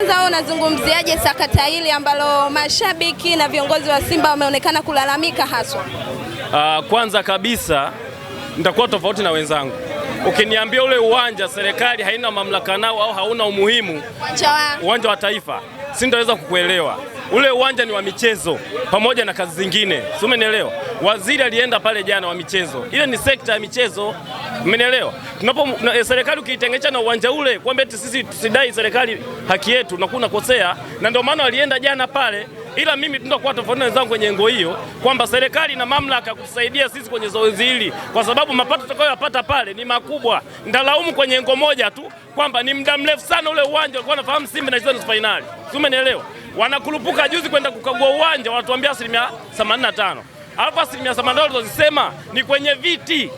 Kwanza unazungumziaje sakata hili ambalo mashabiki na viongozi wa Simba wameonekana kulalamika haswa? Uh, kwanza kabisa nitakuwa tofauti na wenzangu. Ukiniambia ule uwanja serikali haina mamlaka nao au hauna umuhimu uwanja wa, Taifa, sintaweza kukuelewa. Ule uwanja ni wa michezo pamoja na kazi zingine, si umenielewa? Waziri alienda pale jana wa michezo, ile ni sekta ya michezo, mmenielewa? Tunapo eh, serikali ukiitengecha na uwanja ule kwamba eti sisi tusidai serikali haki yetu, unakuwa kosea na ndio maana walienda jana pale ila mimi tunakuwa tofauti na wenzangu kwenye engo hiyo kwamba serikali na mamlaka kutusaidia sisi kwenye zoezi hili, kwa sababu mapato tutakayopata pale ni makubwa. Ndalaumu kwenye engo moja tu kwamba ni muda mrefu sana ule uwanja walikuwa wanafahamu Simba na nusu fainali, si umenielewa? Wanakurupuka juzi kwenda kukagua uwanja, wanatuambia asilimia 85 alafu asilimia themanini ulizozisema ni kwenye viti,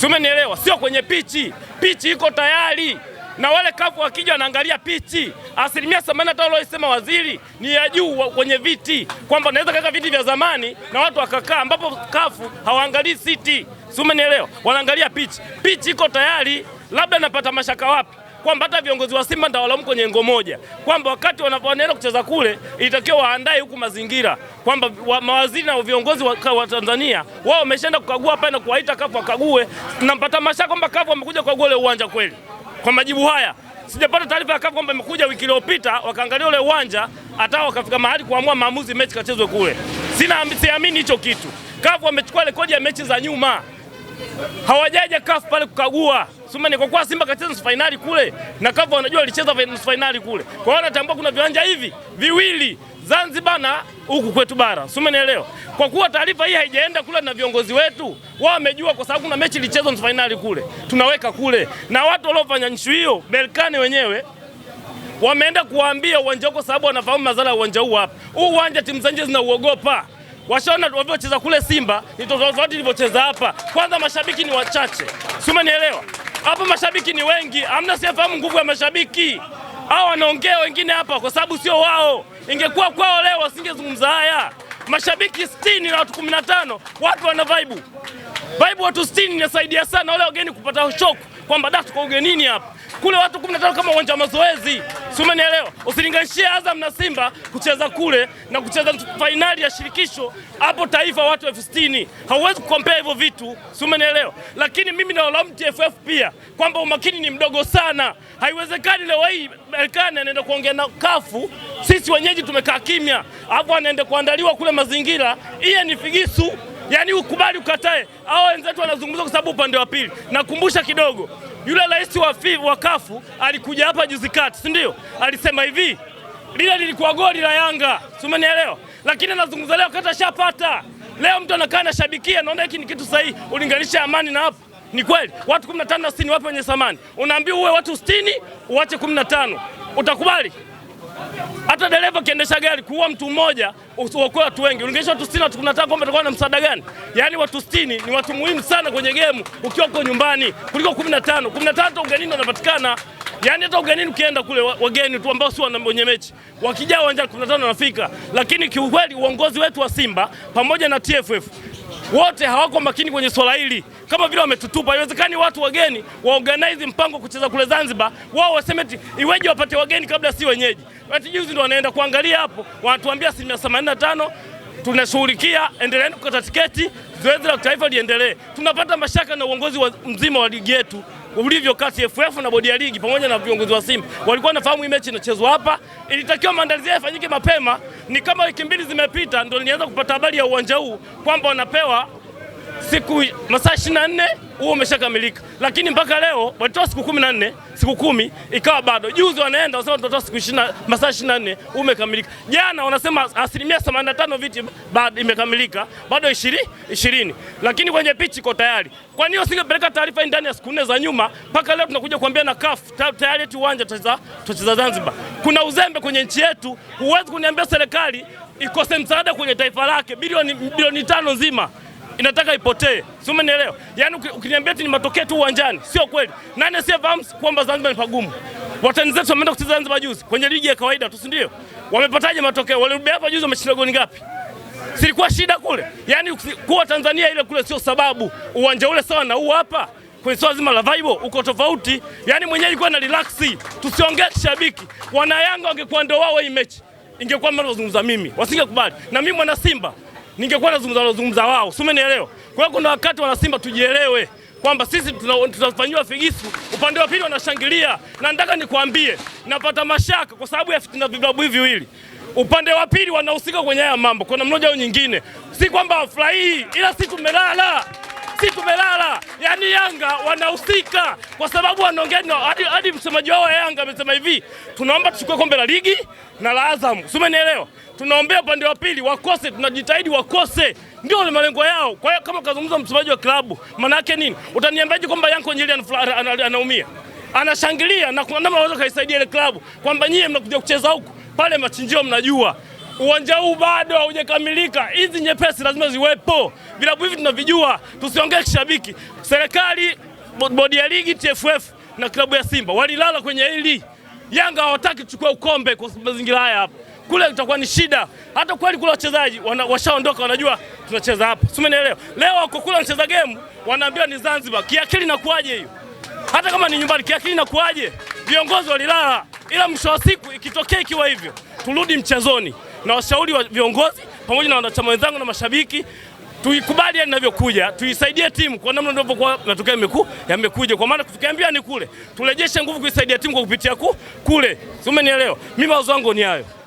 sumenielewa, sio kwenye pichi. Pichi iko tayari na wale kafu wakija wanaangalia pichi. Asilimia themanini tano aliyosema waziri ni ya juu kwenye viti, kwamba naweza kaka viti vya zamani na watu wakakaa, ambapo kafu hawaangalii siti, si umenielewa? Wanaangalia pichi. Pichi iko tayari, labda napata mashaka wapi kwamba hata viongozi wa Simba ndawalaumu kwenye ngo moja, kwamba wakati wanapoendelea kucheza kule ilitakiwa waandae huku mazingira kwamba mawaziri na viongozi wa, wa Tanzania wao wameshaenda kukagua pale na kuwaita kafu wakague. Tunampata mashaka kwamba kafu wamekuja kukagua ule uwanja kweli. Kwa majibu haya sijapata taarifa ya kafu kwamba imekuja wiki iliyopita wakaangalia ule uwanja hata wakafika mahali kuamua maamuzi mechi kachezwe kule. Sina siamini hicho kitu. Kafu wamechukua rekodi ya mechi za nyuma, hawajaja kafu pale kukagua ni kwa kuwa Simba kacheza nusu finali kule na kafu wanajua alicheza nusu finali kule, kwa hiyo wanatambua kuna viwanja hivi viwili Zanzibar na huku kwetu bara, si umenielewa? Kwa kuwa taarifa hii haijaenda kule na viongozi wetu, wao wamejua, kwa sababu kuna mechi ilichezwa nusu fainali kule, tunaweka kule, na watu waliofanya nchi hiyo Berkane wenyewe wameenda kuwaambia uwanja huko, sababu wanafahamu madhara ya uwanja huu hapa. Huu uwanja timu za nje zinauogopa, washaona walivyocheza kule Simba ni tofauti ilivyocheza hapa. Kwanza mashabiki ni wachache, si umenielewa? Hapa mashabiki ni wengi, hamna sifahamu nguvu ya mashabiki hao wanaongea wengine hapa, kwa sababu sio wao. Ingekuwa kwao leo wasingezungumza haya. Mashabiki 60 na watu 15, watu wana vaibu vaibu, watu 60 inasaidia sana wale wageni kupata shoku kwamba da tuko ugenini hapa, kule watu 15 kama uwanja wa mazoezi, si umenielewa? Usilinganishie Azam na Simba kucheza kule na kucheza fainali ya shirikisho hapo taifa watu elfu sitini. Hauwezi kukompea hivyo vitu, si umenielewa? Lakini mimi naolaumu TFF pia kwamba umakini ni mdogo sana. Haiwezekani leo hii Elkani anaenda kuongea na kafu sisi wenyeji tumekaa kimya, alafu anaenda kuandaliwa kule mazingira. Iye ni figisu yani ukubali ukatae. Hao wenzetu wanazungumza kwa sababu upande wa pili. Nakumbusha kidogo, yule rais wa wa kafu alikuja hapa juzi kati, si ndio? Alisema hivi, lile lilikuwa goli la Yanga, si umenielewa? Lakini anazungumza leo kata shapata. Leo mtu anakaa anashabikia, naona hiki ni kitu sahihi. Ulinganisha amani na hapo ni kweli watu 15 na 60 wapo wenye samani, Unaambiwa uwe watu 60 uache 15, utakubali? hata dereva kiendesha gari kuua mtu mmoja usiokoa watu wengi. ungeisha watu 60 na tunataka kwamba tutakuwa na msaada gani? Yaani watu 60 ni watu muhimu sana kwenye game ukiwa uko nyumbani kuliko 15. 15 ugenini wanapatikana. Yaani hata ugenini ukienda kule wageni tu ambao sio wenye mechi. Wakijaa uwanjani 15 wanafika. Lakini kiukweli uongozi wetu wa Simba pamoja na TFF wote hawako makini kwenye swala hili, kama vile wametutupa. Haiwezekani watu wageni waorganize mpango kucheza kule Zanzibar, wao waseme iweje wapate wageni kabla si wenyeji. Ati juzi ndo wanaenda kuangalia hapo, wanatuambia asilimia 85 tunashughulikia, endeleeni kukata tiketi, zoezi la kitaifa liendelee. Tunapata mashaka na uongozi wa mzima wa ligi yetu ulivyo kati FF na bodi ya ligi pamoja na viongozi wa Simba walikuwa wanafahamu hii mechi inachezwa hapa, ilitakiwa maandalizi yafanyike mapema. Ni kama wiki mbili zimepita, ndio nilianza kupata habari ya uwanja huu kwamba wanapewa siku masaa 24 huo umeshakamilika, lakini mpaka leo walitoa siku kumi na nne siku kumi ikawa bado. Juzi wanaenda wasema tutatoa siku ishirini, masaa 24 umekamilika. Jana wanasema asilimia 85 viti bado imekamilika, bado ishirini ishirini, lakini kwenye pichi iko tayari. Kwa nini usingepeleka taarifa ndani ya siku nne za nyuma? Mpaka leo tunakuja kuambia na CAF tayari eti uwanja tutacheza Zanzibar. Kuna uzembe kwenye nchi yetu. Huwezi kuniambia serikali ikose msaada kwenye taifa lake bilioni bilioni tano nzima inataka ipotee, si umenielewa? Yaani ukiniambia eti ni matokeo tu uwanjani, sio kweli. Nani siyefahamu kwamba Zanzibar ni pagumu? Watani zetu wameenda kucheza Zanzibar juzi kwenye ligi ya kawaida tu, si ndio? Wamepataje matokeo? Walirudi hapa juzi wameshinda goli ngapi? Silikuwa shida kule, yaani kuwa Tanzania ile kule sio sababu. Uwanja ule sawa na huu hapa kwenye swala zima la vibe uko tofauti, yaani mwenyewe alikuwa na relax, tusiongee shabiki. Wana Wanayanga wangekuwa ndio wao, hii mechi ingekuwa mazungumza mimi, wasingekubali na mimi mwana Simba ningekuwa nazungumza nazungumza wao, si umenielewa? Kwa hiyo kuna wakati wanasimba tujielewe kwamba sisi tunafanyiwa figisu, upande wa pili wanashangilia. Na nataka nikuambie, napata mashaka kwa sababu ya fitina vilabu hivi viwili upande wa pili wanahusika kwenye haya mambo, kuna mmoja au nyingine. Si kwamba wafurahii, ila si tumelala si tumelala. Yaani Yanga wanahusika kwa sababu wanaongea hadi, hadi msemaji wao wa Yanga amesema hivi, tunaomba tuchukue kombe la ligi na la Azam, nielewa. Tunaombea upande wa pili wakose, tunajitahidi wakose, ndio malengo yao. Kwa hiyo kama kazungumza msemaji wa klabu, maana yake nini? Utaniambiaje kwamba Yanko Njeli anaumia anashangilia na kuna namna anaweza kaisaidia ile klabu, kwamba nyie mnakuja kucheza huku pale machinjio, mnajua uwanja huu bado haujakamilika. Hizi nyepesi lazima ziwepo, vilabu hivi tunavijua, tusiongee kishabiki. Serikali, bodi ya ligi, TFF na klabu ya Simba walilala kwenye hili. Yanga hawataki kuchukua ukombe kwa mazingira haya hapa, kule itakuwa ni shida. Hata kweli kule wachezaji washaondoka, wanajua tunacheza hapa, si umeelewa? Leo wako kule wanacheza game, wanaambiwa ni Zanzibar. Kiakili inakuaje hiyo? Hata kama ni nyumbani, kiakili inakuaje? Viongozi walilala, ila mwisho wa siku ikitokea ikiwa hivyo, turudi mchezoni na washauri wa viongozi pamoja na wanachama wenzangu na mashabiki tuikubali yani inavyokuja, tuisaidie timu kwa namna ndivyokuwa matokeo yameku yamekuja, kwa maana tukiambia ni kule, turejeshe nguvu kuisaidia timu kwa kupitia ku kule, si umenielewa? Mimi mawazo wangu ni hayo.